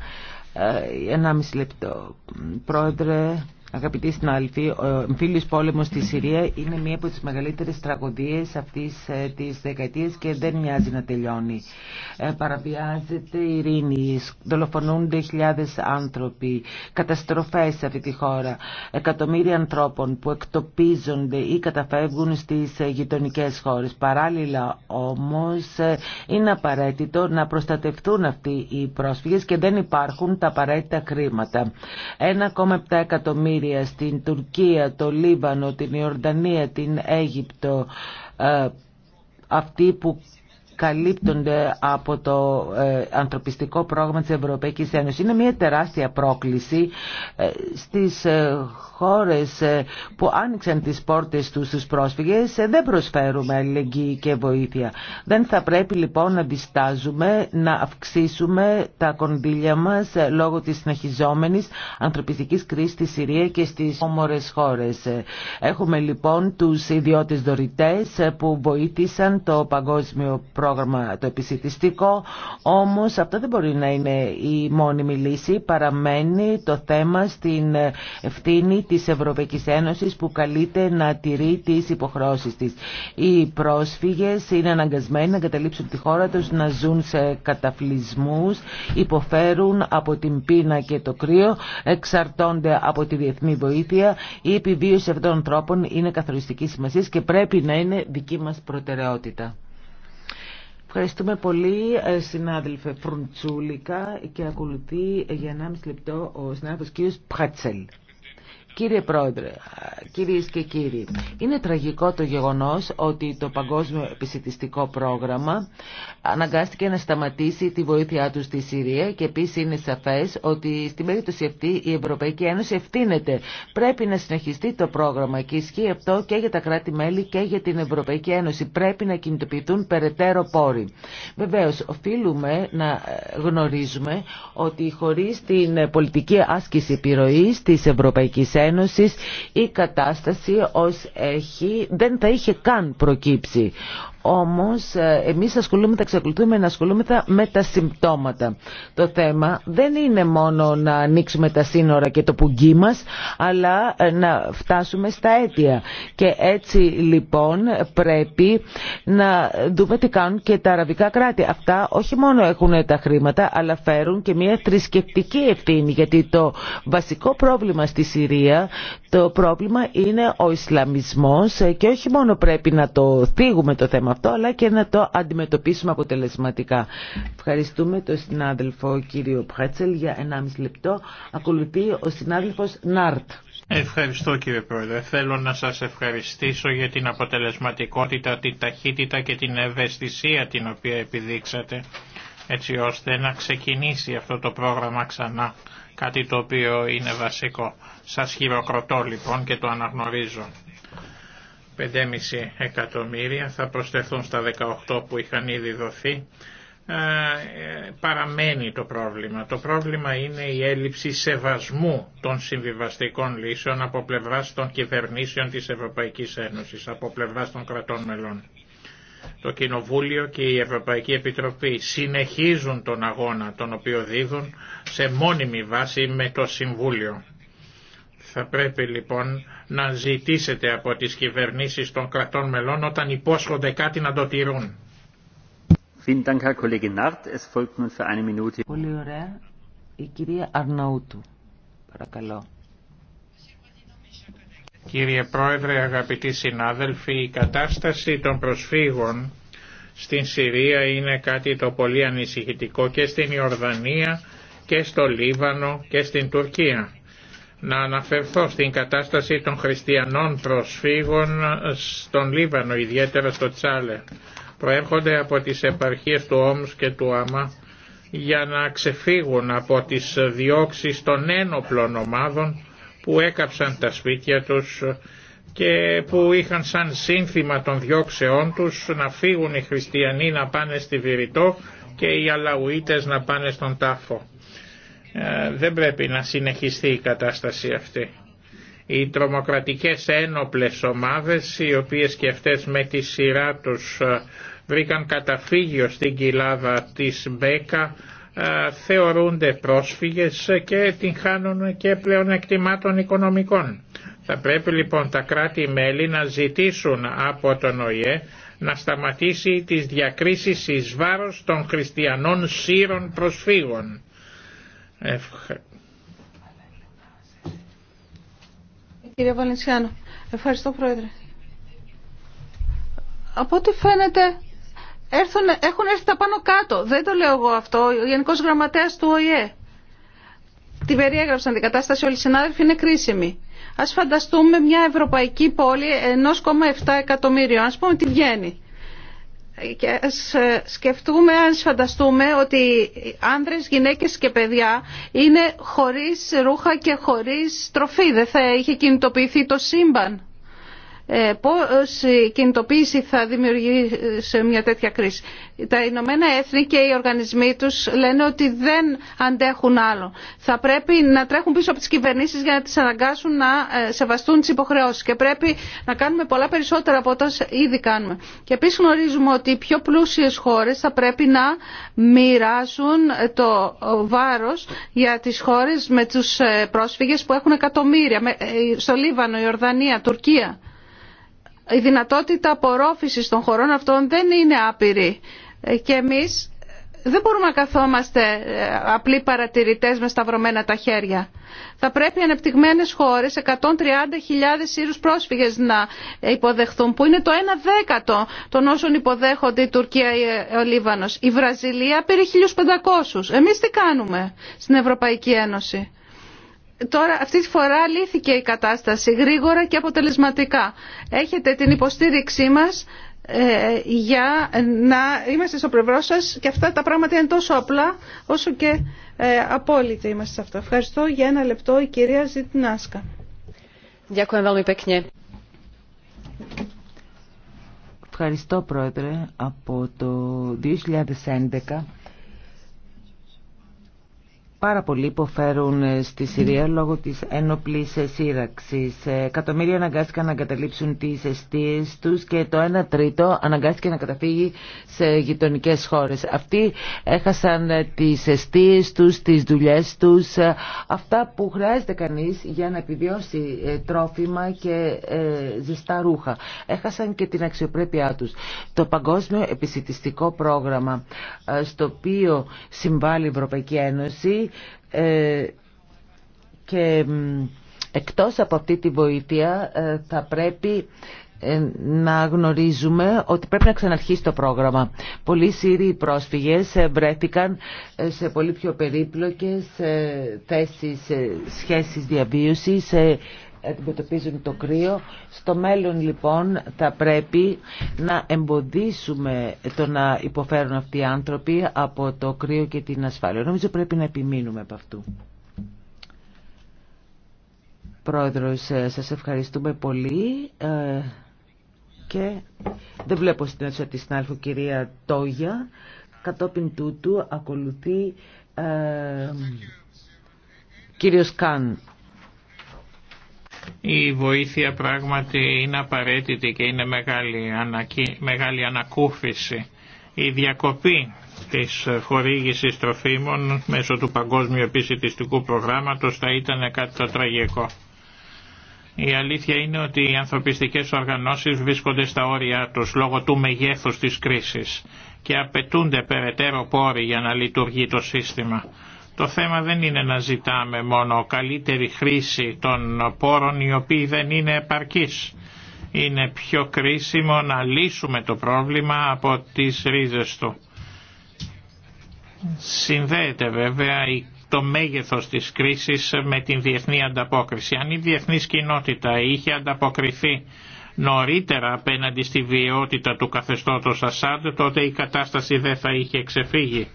μισή λεπτό. Πρόεδρε, Αγαπητοί συνάδελφοι, ο εμφύλιος πόλεμος στη Συρία είναι μία από τις μεγαλύτερες τραγωδίες αυτής ε, της δεκαετίας και δεν μοιάζει να τελειώνει. Ε, παραβιάζεται η ειρήνη, δολοφονούνται χιλιάδες άνθρωποι, καταστροφές σε αυτή τη χώρα, εκατομμύρια ανθρώπων που εκτοπίζονται ή καταφεύγουν στις ε, γειτονικέ χώρες. Παράλληλα όμως είναι απαραίτητο να προστατευτούν αυτοί οι πρόσφυγες και δεν υπάρχουν τα απαραίτητα χρήματα. 1,7 εκατομμύρια Σύρια, στην Τουρκία, το Λίβανο, την Ιορδανία, την Αίγυπτο, ε, αυτοί που καλύπτονται από το ε, ανθρωπιστικό πρόγραμμα της Ευρωπαϊκής Ένωσης. Είναι μια τεράστια πρόκληση ε, στις ε, χώρες που άνοιξαν τις πόρτες τους στους πρόσφυγες δεν προσφέρουμε αλληλεγγύη και βοήθεια. Δεν θα πρέπει λοιπόν να διστάζουμε να αυξήσουμε τα κονδύλια μας λόγω της συνεχιζόμενης ανθρωπιστικής κρίσης στη Συρία και στις όμορες χώρες. Έχουμε λοιπόν τους ιδιώτες δωρητές που βοήθησαν το παγκόσμιο πρόγραμμα πρόγραμμα το επισητιστικό, όμως αυτό δεν μπορεί να είναι η μόνιμη λύση. Παραμένει το θέμα στην ευθύνη της Ευρωπαϊκής Ένωσης που καλείται να τηρεί τις υποχρώσεις της. Οι πρόσφυγες είναι αναγκασμένοι να καταλήψουν τη χώρα τους, να ζουν σε καταφλισμούς, υποφέρουν από την πείνα και το κρύο, εξαρτώνται από τη διεθνή βοήθεια. Η επιβίωση αυτών των ανθρώπων είναι καθοριστική σημασία και πρέπει να είναι δική μας προτεραιότητα. Ευχαριστούμε πολύ ε, συνάδελφε Φρουντσούλικα και ακολουθεί ε, για 1,5 λεπτό ο συνάδελφος κ. Πράτσελ. Κύριε Πρόεδρε, κυρίες και κύριοι, είναι τραγικό το γεγονός ότι το Παγκόσμιο Επισητιστικό Πρόγραμμα αναγκάστηκε να σταματήσει τη βοήθειά του στη Συρία και επίσης είναι σαφές ότι στην περίπτωση αυτή η Ευρωπαϊκή Ένωση ευθύνεται. Πρέπει να συνεχιστεί το πρόγραμμα και ισχύει αυτό και για τα κράτη-μέλη και για την Ευρωπαϊκή Ένωση. Πρέπει να κινητοποιηθούν περαιτέρω πόροι. Βεβαίως, οφείλουμε να γνωρίζουμε ότι χωρί την πολιτική άσκηση επιρροή της Ευρωπαϊκής Ένωσης η κατάσταση ως έχει δεν θα είχε καν προκύψει. Όμως ε, εμείς ασχολούμεθα, εξακολουθούμε να ασχολούμεθα με τα συμπτώματα. Το θέμα δεν είναι μόνο να ανοίξουμε τα σύνορα και το πουγγί μας, αλλά ε, να φτάσουμε στα αίτια. Και έτσι λοιπόν πρέπει να δούμε τι κάνουν και τα αραβικά κράτη. Αυτά όχι μόνο έχουν τα χρήματα, αλλά φέρουν και μια θρησκευτική ευθύνη, γιατί το βασικό πρόβλημα στη Συρία, το πρόβλημα είναι ο Ισλαμισμός ε, και όχι μόνο πρέπει να το θίγουμε το θέμα αυτό αλλά και να το αντιμετωπίσουμε αποτελεσματικά. Ευχαριστούμε τον συνάδελφο κύριο Πχάτσελ για 1,5 λεπτό. Ακολουθεί ο συνάδελφος Νάρτ. Ευχαριστώ κύριε Πρόεδρε. Θέλω να σας ευχαριστήσω για την αποτελεσματικότητα, την ταχύτητα και την ευαισθησία την οποία επιδείξατε έτσι ώστε να ξεκινήσει αυτό το πρόγραμμα ξανά, κάτι το οποίο είναι βασικό. Σας χειροκροτώ λοιπόν και το αναγνωρίζω. 5,5 εκατομμύρια θα προσθεθούν στα 18 που είχαν ήδη δοθεί. Ε, παραμένει το πρόβλημα. Το πρόβλημα είναι η έλλειψη σεβασμού των συμβιβαστικών λύσεων από πλευράς των κυβερνήσεων της Ευρωπαϊκής Ένωσης, από πλευράς των κρατών μελών. Το Κοινοβούλιο και η Ευρωπαϊκή Επιτροπή συνεχίζουν τον αγώνα τον οποίο δίδουν σε μόνιμη βάση με το Συμβούλιο θα πρέπει λοιπόν να ζητήσετε από τις κυβερνήσεις των κρατών μελών όταν υπόσχονται κάτι να το τηρούν. Πολύ ωραία. Η κυρία Αρναούτου, παρακαλώ. Κύριε Πρόεδρε, αγαπητοί συνάδελφοι, η κατάσταση των προσφύγων στην Συρία είναι κάτι το πολύ ανησυχητικό και στην Ιορδανία και στο Λίβανο και στην Τουρκία να αναφερθώ στην κατάσταση των χριστιανών προσφύγων στον Λίβανο, ιδιαίτερα στο Τσάλε. Προέρχονται από τις επαρχίες του Όμς και του Άμα για να ξεφύγουν από τις διώξεις των ένοπλων ομάδων που έκαψαν τα σπίτια τους και που είχαν σαν σύνθημα των διώξεών τους να φύγουν οι χριστιανοί να πάνε στη Βηρητό και οι αλαουίτες να πάνε στον τάφο. Ε, δεν πρέπει να συνεχιστεί η κατάσταση αυτή. Οι τρομοκρατικές ένοπλες ομάδες, οι οποίες και αυτές με τη σειρά τους ε, βρήκαν καταφύγιο στην κοιλάδα της Μπέκα, ε, θεωρούνται πρόσφυγες και την χάνουν και πλέον εκτιμάτων οικονομικών. Θα πρέπει λοιπόν τα κράτη-μέλη να ζητήσουν από τον ΟΗΕ να σταματήσει τις διακρίσεις εις βάρος των χριστιανών σύρων προσφύγων Κύριε Βαλενσιάνο, ευχαριστώ Πρόεδρε. Από ό,τι φαίνεται έχουν έρθει τα πάνω κάτω. Δεν το λέω εγώ αυτό. Ο Γενικός Γραμματέας του ΟΗΕ. Την περιέγραψαν την κατάσταση όλοι οι συνάδελφοι, είναι κρίσιμη. Ας φανταστούμε μια ευρωπαϊκή πόλη 1,7 εκατομμύριο. ας πούμε τη Βιέννη και ας ε, σκεφτούμε, αν φανταστούμε ότι άνδρες, γυναίκες και παιδιά είναι χωρίς ρούχα και χωρίς τροφή. Δεν θα είχε κινητοποιηθεί το σύμπαν. Ε, πώς η κινητοποίηση θα δημιουργήσει μια τέτοια κρίση. Τα Ηνωμένα Έθνη και οι οργανισμοί τους λένε ότι δεν αντέχουν άλλο. Θα πρέπει να τρέχουν πίσω από τις κυβερνήσεις για να τις αναγκάσουν να ε, σεβαστούν τις υποχρεώσεις και πρέπει να κάνουμε πολλά περισσότερα από όσα ήδη κάνουμε. Και επίσης γνωρίζουμε ότι οι πιο πλούσιες χώρες θα πρέπει να μοιράσουν το βάρος για τις χώρες με τους ε, πρόσφυγες που έχουν εκατομμύρια, στο Λίβανο, η Ιορδανία, Τουρκία η δυνατότητα απορρόφησης των χωρών αυτών δεν είναι άπειρη ε, και εμείς δεν μπορούμε να καθόμαστε ε, απλοί παρατηρητές με σταυρωμένα τα χέρια. Θα πρέπει οι ανεπτυγμένες χώρες, 130.000 Σύρους πρόσφυγες να υποδεχθούν, που είναι το 1 δέκατο των όσων υποδέχονται η Τουρκία ή ε, ο Λίβανος. Η Βραζιλία πήρε 1.500. Εμείς τι κάνουμε στην Ευρωπαϊκή Ένωση. Τώρα αυτή τη φορά λύθηκε η κατάσταση γρήγορα και αποτελεσματικά. Έχετε την υποστήριξή μας ε, για να είμαστε στο πλευρό σα και αυτά τα πράγματα είναι τόσο απλά όσο και ε, απόλυτα είμαστε σε αυτό. Ευχαριστώ για ένα λεπτό η κυρία Ζητνάσκα. Ευχαριστώ πρόεδρε. Από το 2011 Πάρα πολλοί υποφέρουν ε, στη Συρία λόγω της ένοπλης ε, σύραξης. Ε, εκατομμύρια αναγκάστηκαν να καταλήψουν τις αιστείες τους και το 1 τρίτο αναγκάστηκε να καταφύγει σε γειτονικές χώρες. Αυτοί έχασαν τις αιστείες τους, τις δουλειές τους, αυτά που χρειάζεται κανείς για να επιβιώσει τρόφιμα και ζεστά ρούχα. Έχασαν και την αξιοπρέπειά τους. Το Παγκόσμιο Επισητιστικό Πρόγραμμα, στο οποίο συμβάλλει η Ευρωπαϊκή Ένωση, ε, και εκτός από αυτή τη βοήθεια ε, θα πρέπει ε, να γνωρίζουμε ότι πρέπει να ξαναρχίσει το πρόγραμμα. Πολλοί Σύριοι πρόσφυγες βρέθηκαν σε πολύ πιο περίπλοκες θέσεις, σχέσεις διαβίωσης, αντιμετωπίζουν το κρύο. Στο μέλλον λοιπόν θα πρέπει να εμποδίσουμε το να υποφέρουν αυτοί οι άνθρωποι από το κρύο και την ασφάλεια. Νομίζω πρέπει να επιμείνουμε από αυτού. Πρόεδρος, ε, σας ευχαριστούμε πολύ ε, και δεν βλέπω στην αίθουσα της συνάλφου κυρία Τόγια. Κατόπιν τούτου ακολουθεί ε, κύριος Καν. Η βοήθεια πράγματι είναι απαραίτητη και είναι μεγάλη, μεγάλη ανακούφιση. Η διακοπή της χορήγησης τροφίμων μέσω του Παγκόσμιου Επισητιστικού Προγράμματος θα ήταν κάτι το τραγικό. Η αλήθεια είναι ότι οι ανθρωπιστικές οργανώσεις βρίσκονται στα όρια τους λόγω του μεγέθους της κρίσης και απαιτούνται περαιτέρω πόροι για να λειτουργεί το σύστημα. Το θέμα δεν είναι να ζητάμε μόνο καλύτερη χρήση των πόρων οι οποίοι δεν είναι επαρκείς. Είναι πιο κρίσιμο να λύσουμε το πρόβλημα από τις ρίζες του. Συνδέεται βέβαια το μέγεθος της κρίσης με την διεθνή ανταπόκριση. Αν η διεθνή κοινότητα είχε ανταποκριθεί νωρίτερα απέναντι στη βιαιότητα του καθεστώτος Ασάντ, τότε η κατάσταση δεν θα είχε ξεφύγει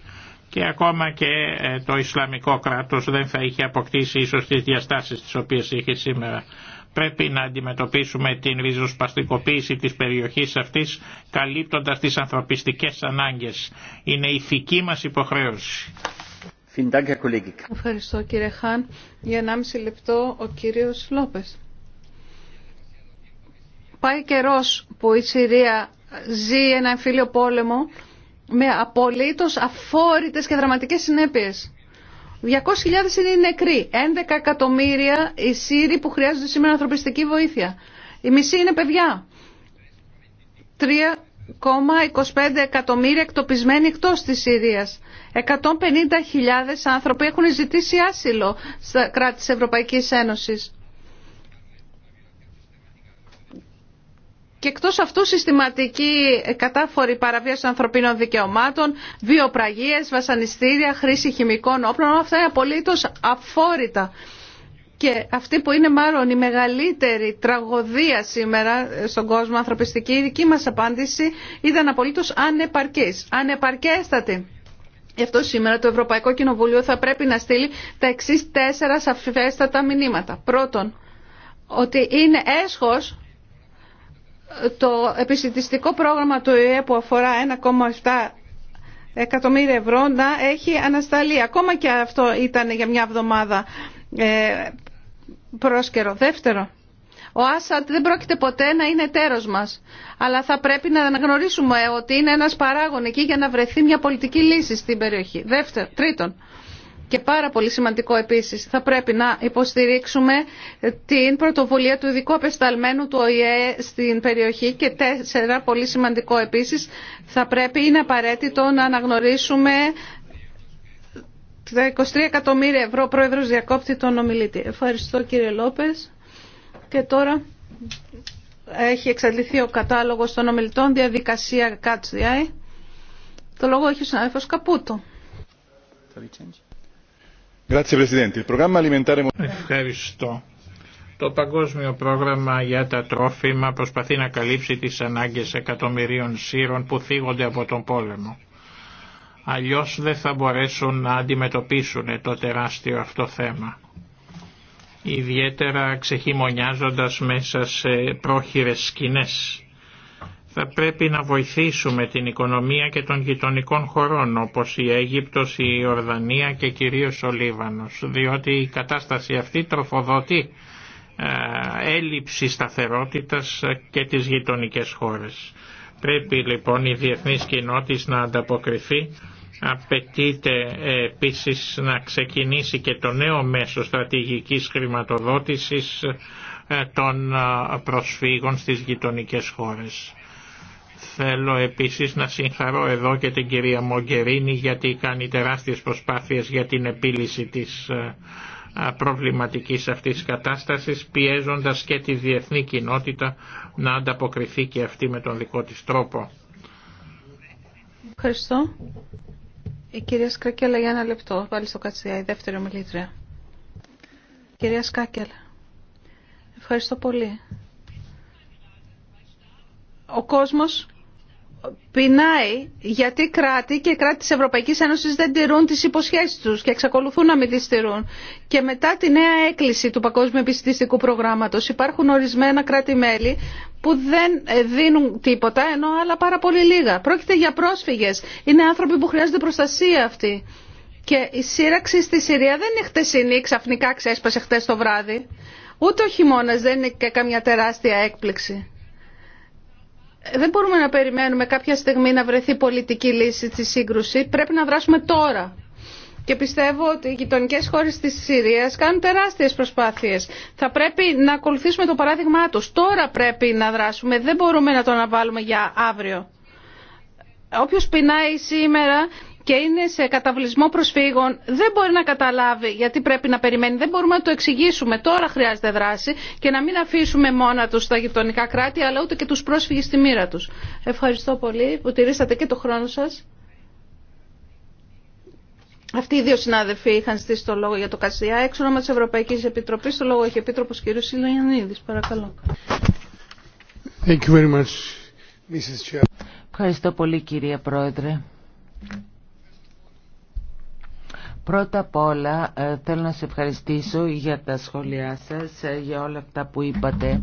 και ακόμα και ε, το Ισλαμικό κράτος δεν θα είχε αποκτήσει ίσως τις διαστάσεις τις οποίες είχε σήμερα. Πρέπει να αντιμετωπίσουμε την ριζοσπαστικοποίηση της περιοχής αυτής καλύπτοντας τις ανθρωπιστικές ανάγκες. Είναι ηθική μας υποχρέωση. Ευχαριστώ κύριε Χάν. Για 1,5 λεπτό ο κύριος Λόπες. Πάει καιρός που η Συρία ζει ένα εμφύλιο πόλεμο με απολύτως αφόρητες και δραματικές συνέπειες. 200.000 είναι οι νεκροί, 11 εκατομμύρια οι Σύριοι που χρειάζονται σήμερα ανθρωπιστική βοήθεια. Η μισή είναι παιδιά. 3,25 εκατομμύρια εκτοπισμένοι εκτός της Συρίας. 150.000 άνθρωποι έχουν ζητήσει άσυλο στα κράτη της Ευρωπαϊκής Ένωσης. και εκτός αυτού συστηματική ε, κατάφορη παραβίαση των ανθρωπίνων δικαιωμάτων, βιοπραγίες, βασανιστήρια, χρήση χημικών όπλων, αυτά είναι απολύτως αφόρητα. Και αυτή που είναι μάλλον η μεγαλύτερη τραγωδία σήμερα ε, στον κόσμο ανθρωπιστική, η δική μας απάντηση ήταν απολύτως ανεπαρκής, ανεπαρκέστατη. Γι' αυτό σήμερα το Ευρωπαϊκό Κοινοβούλιο θα πρέπει να στείλει τα εξής τέσσερα σαφέστατα μηνύματα. Πρώτον, ότι είναι έσχος το επιστημιστικό πρόγραμμα του ΕΕ που αφορά 1,7 εκατομμύρια ευρώ να έχει ανασταλεί. Ακόμα και αυτό ήταν για μια εβδομάδα ε, πρόσκαιρο. Δεύτερο, ο Άσαντ δεν πρόκειται ποτέ να είναι τέρος μας. Αλλά θα πρέπει να αναγνωρίσουμε ότι είναι ένας παράγων εκεί για να βρεθεί μια πολιτική λύση στην περιοχή. Δεύτερο, τρίτον, και πάρα πολύ σημαντικό επίση. θα πρέπει να υποστηρίξουμε την πρωτοβουλία του ειδικού απεσταλμένου του ΟΗΕ στην περιοχή και τέσσερα, πολύ σημαντικό επίση. θα πρέπει, είναι απαραίτητο να αναγνωρίσουμε τα 23 εκατομμύρια ευρώ πρόεδρος διακόπτη τον ομιλητή. Ευχαριστώ κύριε Λόπες. Και τώρα έχει εξαντληθεί ο κατάλογος των ομιλητών, διαδικασία ΚΑΤΣΔΙΑΗ. Το λόγο έχει ο συνάδελφος Καπούτο. Ευχαριστώ. Το Παγκόσμιο Πρόγραμμα για τα Τρόφιμα προσπαθεί να καλύψει τις ανάγκες εκατομμυρίων σύρων που θίγονται από τον πόλεμο. Αλλιώς δεν θα μπορέσουν να αντιμετωπίσουν το τεράστιο αυτό θέμα. Ιδιαίτερα ξεχυμονιάζοντας μέσα σε πρόχειρες σκηνές πρέπει να βοηθήσουμε την οικονομία και των γειτονικών χωρών όπως η Αίγυπτος, η Ορδανία και κυρίως ο Λίβανος διότι η κατάσταση αυτή τροφοδοτεί ε, έλλειψη σταθερότητας και τις γειτονικές χώρες. Πρέπει λοιπόν η διεθνής κοινότητα να ανταποκριθεί. Απαιτείται ε, επίσης να ξεκινήσει και το νέο μέσο στρατηγικής χρηματοδότησης ε, των προσφύγων στις γειτονικές χώρες. Θέλω επίσης να συγχαρώ εδώ και την κυρία Μογκερίνη γιατί κάνει τεράστιες προσπάθειες για την επίλυση της ε, προβληματικής αυτής κατάστασης πιέζοντας και τη διεθνή κοινότητα να ανταποκριθεί και αυτή με τον δικό της τρόπο. Ευχαριστώ. Η κυρία Σκάκελα για ένα λεπτό, Βάλει στο Κατσιά, η δεύτερη ομιλήτρια. Κυρία Σκάκελα, ευχαριστώ πολύ. Ο κόσμος πεινάει γιατί κράτη και κράτη της Ευρωπαϊκής Ένωσης δεν τηρούν τις υποσχέσεις τους και εξακολουθούν να μην τις τηρούν. Και μετά τη νέα έκκληση του Παγκόσμιου Επιστημιστικού Προγράμματος υπάρχουν ορισμένα κράτη-μέλη που δεν ε, δίνουν τίποτα ενώ άλλα πάρα πολύ λίγα. Πρόκειται για πρόσφυγες. Είναι άνθρωποι που χρειάζονται προστασία αυτοί. Και η σύραξη στη Συρία δεν είναι χτεσινή, ξαφνικά ξέσπασε χτες το βράδυ. Ούτε ο χειμώνα δεν είναι και καμιά τεράστια έκπληξη δεν μπορούμε να περιμένουμε κάποια στιγμή να βρεθεί πολιτική λύση στη σύγκρουση. Πρέπει να δράσουμε τώρα. Και πιστεύω ότι οι γειτονικέ χώρε τη Συρία κάνουν τεράστιε προσπάθειε. Θα πρέπει να ακολουθήσουμε το παράδειγμά του. Τώρα πρέπει να δράσουμε. Δεν μπορούμε να το αναβάλουμε για αύριο. Όποιο πεινάει σήμερα και είναι σε καταβλισμό προσφύγων δεν μπορεί να καταλάβει γιατί πρέπει να περιμένει. Δεν μπορούμε να το εξηγήσουμε. Τώρα χρειάζεται δράση και να μην αφήσουμε μόνα του τα γειτονικά κράτη αλλά ούτε και του πρόσφυγες στη μοίρα του. Ευχαριστώ πολύ που τηρήσατε και το χρόνο σα. Αυτοί οι δύο συνάδελφοι είχαν στήσει το λόγο για το Κασιά. Έξω όνομα τη Ευρωπαϊκή Επιτροπή, το λόγο έχει επίτροπο κ. Σιλιανίδη. Παρακαλώ. Thank you very much, Mrs. Ευχαριστώ πολύ, κυρία Πρόεδρε. Πρώτα απ' όλα ε, θέλω να σε ευχαριστήσω για τα σχόλιά σας, ε, για όλα αυτά που είπατε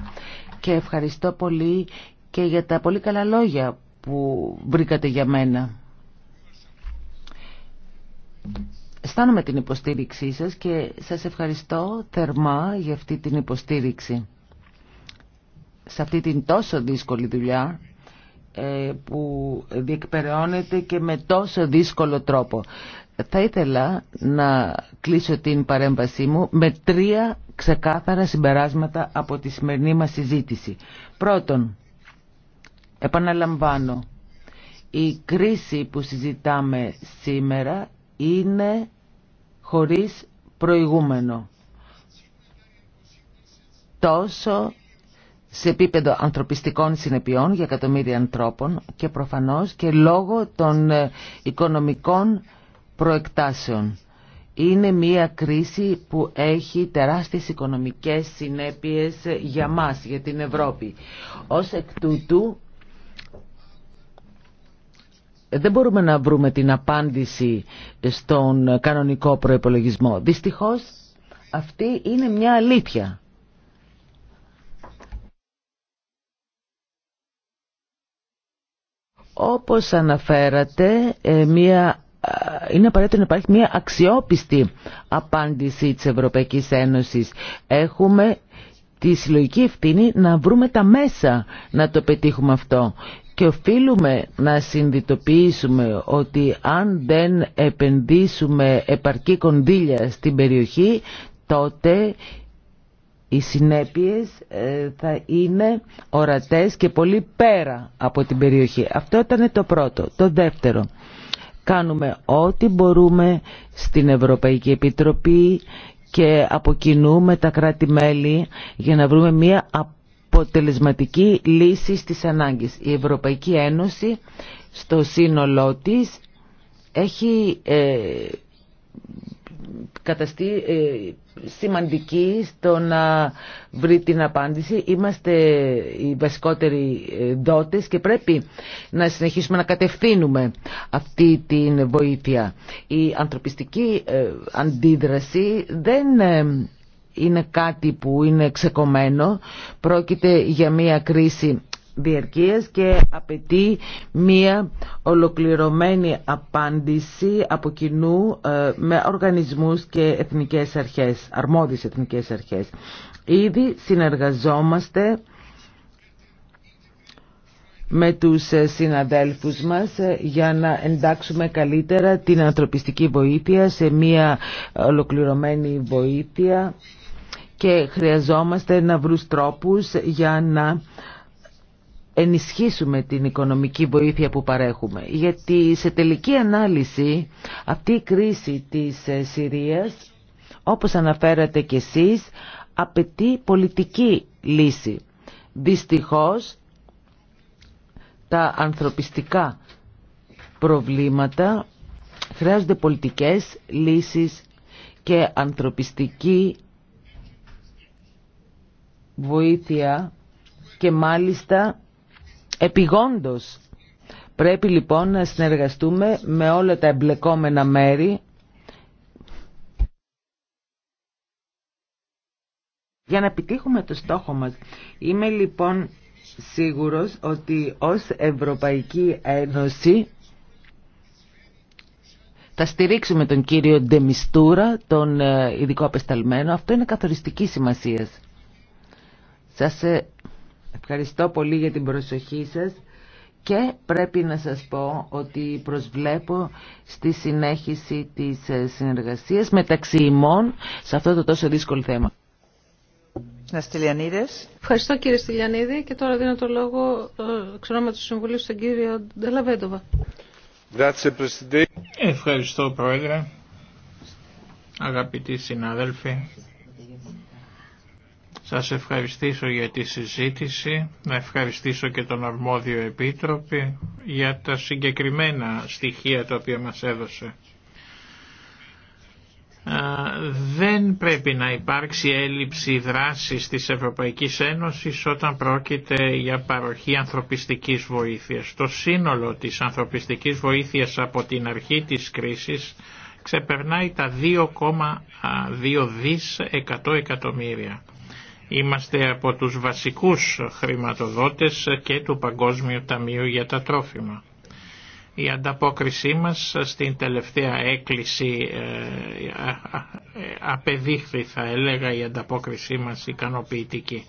και ευχαριστώ πολύ και για τα πολύ καλά λόγια που βρήκατε για μένα. Αισθάνομαι την υποστήριξή σας και σας ευχαριστώ θερμά για αυτή την υποστήριξη. Σε αυτή την τόσο δύσκολη δουλειά ε, που διεκπεραιώνεται και με τόσο δύσκολο τρόπο θα ήθελα να κλείσω την παρέμβασή μου με τρία ξεκάθαρα συμπεράσματα από τη σημερινή μας συζήτηση. Πρώτον, επαναλαμβάνω, η κρίση που συζητάμε σήμερα είναι χωρίς προηγούμενο. Τόσο σε επίπεδο ανθρωπιστικών συνεπειών για εκατομμύρια ανθρώπων και προφανώς και λόγω των ε, οικονομικών προεκτάσεων. Είναι μια κρίση που έχει τεράστιες οικονομικές συνέπειες για μας, για την Ευρώπη. Ως εκ τούτου δεν μπορούμε να βρούμε την απάντηση στον κανονικό προϋπολογισμό. Δυστυχώς αυτή είναι μια αλήθεια. Όπως αναφέρατε, ε, μία είναι απαραίτητο να υπάρχει μια αξιόπιστη απάντηση της Ευρωπαϊκής Ένωσης. Έχουμε τη συλλογική ευθύνη να βρούμε τα μέσα να το πετύχουμε αυτό. Και οφείλουμε να συνειδητοποιήσουμε ότι αν δεν επενδύσουμε επαρκή κονδύλια στην περιοχή, τότε οι συνέπειες ε, θα είναι ορατές και πολύ πέρα από την περιοχή. Αυτό ήταν το πρώτο. Το δεύτερο. Κάνουμε ό,τι μπορούμε στην Ευρωπαϊκή Επιτροπή και αποκινούμε τα κράτη-μέλη για να βρούμε μια αποτελεσματική λύση στις ανάγκες. Η Ευρωπαϊκή Ένωση στο σύνολό της έχει ε, καταστεί ε, σημαντική στο να βρει την απάντηση. Είμαστε οι βασικότεροι δότες ε, και πρέπει να συνεχίσουμε να κατευθύνουμε αυτή την βοήθεια. Η ανθρωπιστική ε, αντίδραση δεν είναι κάτι που είναι ξεκομμένο. Πρόκειται για μια κρίση διαρκείας και απαιτεί μία ολοκληρωμένη απάντηση από κοινού ε, με οργανισμούς και εθνικές αρχές, αρμόδιες εθνικές αρχές. Ήδη συνεργαζόμαστε με τους συναδέλφους μας ε, για να εντάξουμε καλύτερα την ανθρωπιστική βοήθεια σε μια ολοκληρωμένη βοήθεια και χρειαζόμαστε να βρουμε τρόπους για να ενισχύσουμε την οικονομική βοήθεια που παρέχουμε. Γιατί σε τελική ανάλυση αυτή η κρίση της ε, Συρίας, όπως αναφέρατε κι εσείς, απαιτεί πολιτική λύση. Δυστυχώς τα ανθρωπιστικά προβλήματα χρειάζονται πολιτικές λύσεις και ανθρωπιστική βοήθεια και μάλιστα Επιγόντως πρέπει λοιπόν να συνεργαστούμε με όλα τα εμπλεκόμενα μέρη για να επιτύχουμε το στόχο μας. Είμαι λοιπόν σίγουρος ότι ως Ευρωπαϊκή Ένωση θα στηρίξουμε τον κύριο Ντεμιστούρα, τον ε, ειδικό απεσταλμένο. Αυτό είναι καθοριστική σημασία. Σας ε, Ευχαριστώ πολύ για την προσοχή σας και πρέπει να σας πω ότι προσβλέπω στη συνέχιση της ε, συνεργασίας μεταξύ ημών σε αυτό το τόσο δύσκολο θέμα. Ευχαριστώ κύριε Στυλιανίδη και τώρα δίνω το λόγο με του Συμβουλίου στον κύριο Ντελαβέντοβα. Ευχαριστώ Πρόεδρε, αγαπητοί συνάδελφοι. Σας ευχαριστήσω για τη συζήτηση, να ευχαριστήσω και τον αρμόδιο επίτροπη για τα συγκεκριμένα στοιχεία τα οποία μας έδωσε. Δεν πρέπει να υπάρξει έλλειψη δράσης της Ευρωπαϊκής Ένωσης όταν πρόκειται για παροχή ανθρωπιστικής βοήθειας. Το σύνολο της ανθρωπιστικής βοήθειας από την αρχή της κρίσης ξεπερνάει τα 2,2 δις εκατομμύρια. Είμαστε από τους βασικούς χρηματοδότες και του Παγκόσμιου Ταμείου για τα Τρόφιμα. Η ανταπόκρισή μας στην τελευταία έκκληση ε, ε, απεδείχθη θα έλεγα η ανταπόκρισή μας ικανοποιητική.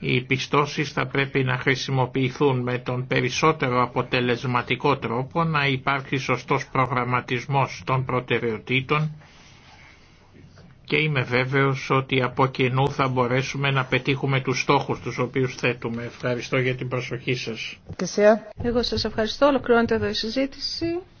Οι πιστώσεις θα πρέπει να χρησιμοποιηθούν με τον περισσότερο αποτελεσματικό τρόπο, να υπάρχει σωστός προγραμματισμός των προτεραιοτήτων, και είμαι βέβαιος ότι από κοινού θα μπορέσουμε να πετύχουμε τους στόχους τους οποίους θέτουμε. Ευχαριστώ για την προσοχή σας. Εγώ σας ευχαριστώ. Ολοκληρώνεται εδώ η συζήτηση.